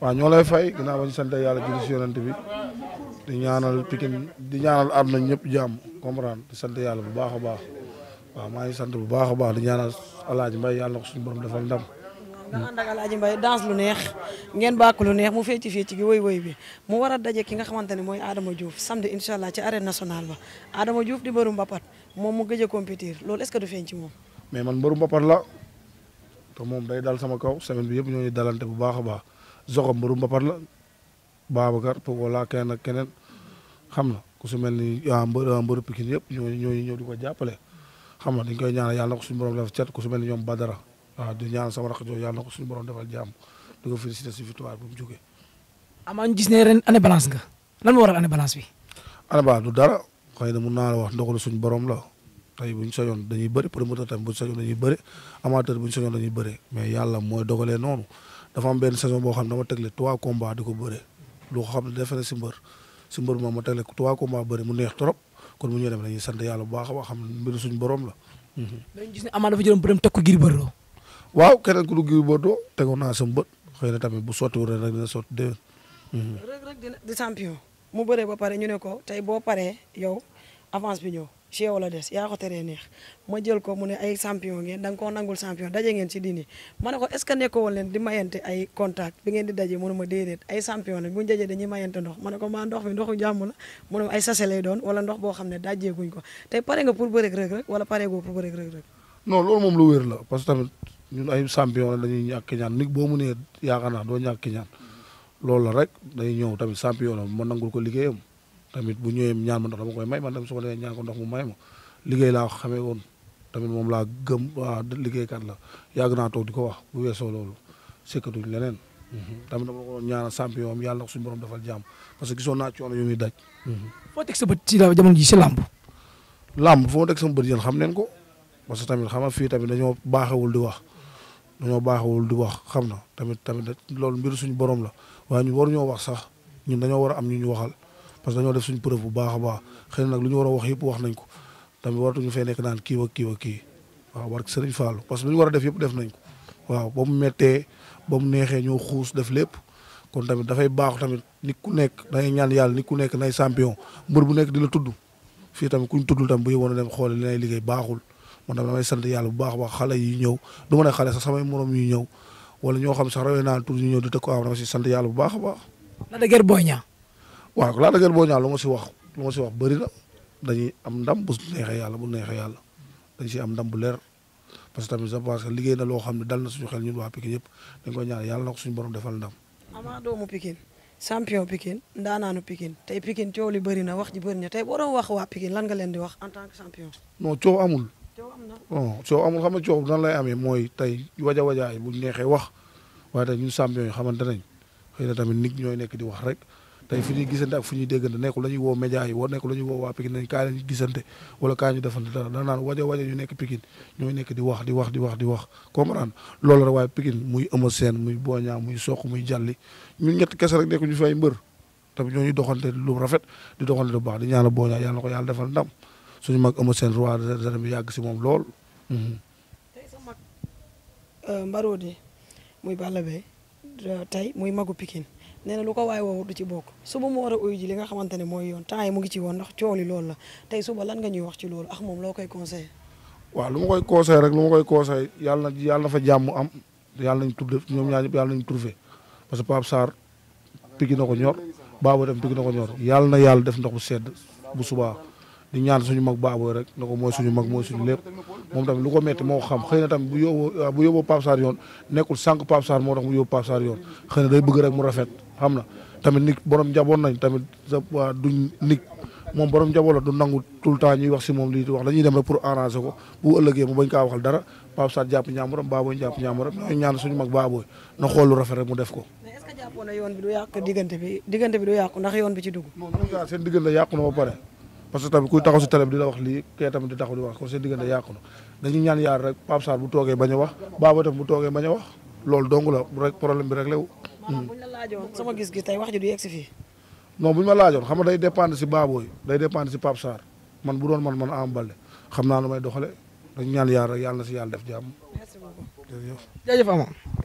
waaw ñoo lay fay ginnaaw ba ñu sant yàlla julli si bi di ñaanal Pikine di ñaanal àdduna ñëpp jàmm comprendre di sant yàlla bu baax a baax waaw maa ngi sant bu baax a baax di ñaanal Alaaji Mbaye yàlla na ko suñu borom defal ndam. nga ànd ak Alaaji Mbaye danse lu neex ngeen bàkk lu neex mu fecci fecci gi woy woy bi mu war a daje ki nga xamante ne mooy Adama Diouf samedi incha allah ci arène nationale ba Adama Diouf di mbëru mbapat moom mu gëj a compétir loolu est-ce du feeñ moom. mais man mbëru la. te moom day dal sama kaw semaine bi yëpp ñoo dalante bu baax a baax Zoxo mbaru mbapat la Babacar Pogola keneen na keneen xam na ku su mel ni ah, mbër ah, mbëru Pikine yëpp ñooñu ñooñu ñëw di ko jàppale xam na dañ koy ñaanal yàlla na ko suñu borom def cet ku mel ni ñoom Badara waaw ah, di ñaan sama rakk jooju yàlla na ko suñu borom defal jàmm di ko félicité si victoire bu mu jógee. amaa ñu gis ne ren année balance nga lan moo waral année balance bi. année balance du dara xëy na mun naa la wax ndogalu suñu borom la. tey bu ñu soñoon dañuy bëri promoteur tamit bu ñu soñoon dañuy bëri am benn saison boo ko bëre lu ko xam ne defe na si mbër si mbër moom ma tegle trois combats bëri mu neex trop kon bu ñu dem dañuy sant yàlla bu baax a baax xam ne mbiru suñu borom la. Mhm. na tamit bu sottiwul ren rek dina sotti déwén. Reug mhm. Reug di champion mu bëree ba pare ñu ne ko tey boo paree yow avance bi ñëw ci yow la des yaa ko neex ma jël ko mu ne ay champion ngeen da nga koo nangul champion daje ngeen si diini ma ne ko est ce que nekkoo woon leen di mayante ay contact bi ngeen di daje mënu ma déedéet ay champion la bu ndox ma ne ko maa ndox mi ndoxu jàmm la mu ne ay sase doon wala ndox boo xam ne dajeeguñ ko tey pare nga pour bëreeg rek rek wala pare goo pour bëreeg rek rek. non loolu moom lu wér la parce que tamit ñun ay champion la dañuy ñàkk ñaan boo mu nee yaakaar naa doo ñàkk ñaan loolu la rek day ñëw tamit champion la ma nangul ko liggéeyam tamit bu ñëwee ñaan ma ndox dama koy may man tamit su ma demee ñaan ko ndox mu may ma liggéey laa ko xamee woon tamit moom laa gëm waa liggéeykat la yàgg naa toog di ko wax bu weesoo loolu sekkatuñ leneen mhm. tamit dama ko doon ñaanal champion am yàlla na ko suñu borom defal jàmm parce que gisoon naa coono yu muy daj. Mhm. foo teg sa bët ci la jamono ji si làmb. làmb foo teg sama bët yéen xam neen ko parce que tamit xam nga fii tamit dañoo baaxewul di wax dañoo baaxewul di wax xam na tamit tamit loolu mbir suñu borom la waaye ñu waruñoo wax sax ñun dañoo war a am ñu ñu waxal. parce que dañoo def suñ preuve bu baax a baax xëy nag lu ñu war a wax yëpp wax nañ ko tamit waratuñu fee nekk naan kii wa kii wa kii waaw barke Sëriñ Fallou parce que lu ñu war a def yëpp def nañ ko waaw ba mu méttee ba mu neexee ñoo xuus def lépp kon tamit dafay baax tamit nit ku nekk dangay ñaan yàlla nit ku nekk nay champion mbër bu nekk di la tudd fii tamit kuñ tuddul tam bu yëwoon a dem xool li nay liggéey baaxul man tamit damay sant yàlla bu baax a baax xale yi ñëw du ma ne xale sax samay morom yi ñëw wala ñoo xam sax rawee naa tur ñu ñëw di tëkk waaw dama si sant yàlla bu a waaw Lac de Guiers boo Niang lu ma si wax lu ma si wax bëri na dañuy am ndam bu neexee yàlla bu neexee yàlla dañ si am ndam bu leer parce que tamit je pense que liggéey na loo xam ne dal na suñu xel ñun waa yëpp dañ koy ñaan yàlla na ko suñu borom defal ndam. Ama doomu Pikine champion Pikine ndaanaanu Pikine tey Pikine coow li bëri na wax ji bëri na tey wax waa Pikine leen di wax en tant que champion. non coow amul. coow na non coow nan lay amee mooy tey waja wajaay bu neexee wax waaye tey ñun champion yi xamante nañ xëy na tamit nit ñooy nekk di wax rek tey fi ñuy gisante ak fu ñuy déggante nekkul la ñuy woo média yi woo nekkul la ñuy woo waa Pikine nañ kaa gisante wala kaa ñu defante dara da naan waja waja ñu nekk Pikine ñooy nekk di wax di wax di wax di wax comprendre loolu rek waaye Pikine muy Eumeu Sène muy Boña muy Sokh muy Jalli ñun ñett kese rek nekku ñu fay mbër tamit ñooñu doxante lu rafet di doxante lu baax di ñaanal Boña yàlla na ko yàlla defal ndam suñu mag Eumeu Sène roi des arènes bi yàgg si moom lool mhm. tey sa mag euh, Mbarodi muy Balla Beye tey muy magu piki nee lu ko waaye woowu du ci bokk suba mu war a uyu nga xamante ne mooy yoon temps yi mu ngi ci woon ndax cooli loolu la tey suba lan nga ñuy wax ci loolu ak moom loo koy conseillé waaw lu ma koy conseillé rek lu ma koy conseillé yàlla na yàlla na fa jàmm am yàlla nañ tudd ñoom ñaar ñëpp yàlla nañ trouvé parce que Pape Sarr pigi na ko ñor Baba dem pigi na ko ñor yàlla na yàlla def ndox bu sedd bu subaa di ñaan suñu mag baaboo rek na ko mooy suñu mag mooy lépp moom tamit ko metti moo xam xëy na tamit bu yóbboo ah, bu yóbboo Pape Sarr yoon nekkul sànq Pape Sarr moo tax mu yóbbu Pape Sarr na day bëgg rek mu rafet xam na tamit nit borom njaboot nañ tamit sa waa duñ nit moom borom du nangu tout le temps ñuy wax si moom lii wax dañuy dem rek pour arranger ko bu ëllëgee mu bañ kaa waxal dara Pape Sarr jàpp ñaamuram baabooy jàpp ñaamuram ñaan suñu mag baabooy na xool lu rafet rek mu def ko yoon bi du yàq bi diggante bi du yàqu ndax yoon bi ci dugg. moom ñoom daal seen diggante yàqu na parce que tamit ku taxaw si télé bi di la wax lii kee tamit di taxaw di wax ko seen diggante yàqu na ñaan yaar rek Pape Sarr bu toogee bañ wax Baba tam bu toogee bañ a wax lool dong la rek problème bi rek lew maanaam buñ sama gis-gis tey wax ji du yegg si fii. buñ ma laajoon xam nga day dépendre si Baboy day dépendre si Pape Sarr man bu doon man man Ama Baldé xam naa lu may doxale dañu ñaan yaar rek yàlla na si yàlla def jàmm. merci beaucoup jërëjëf. jërëjëf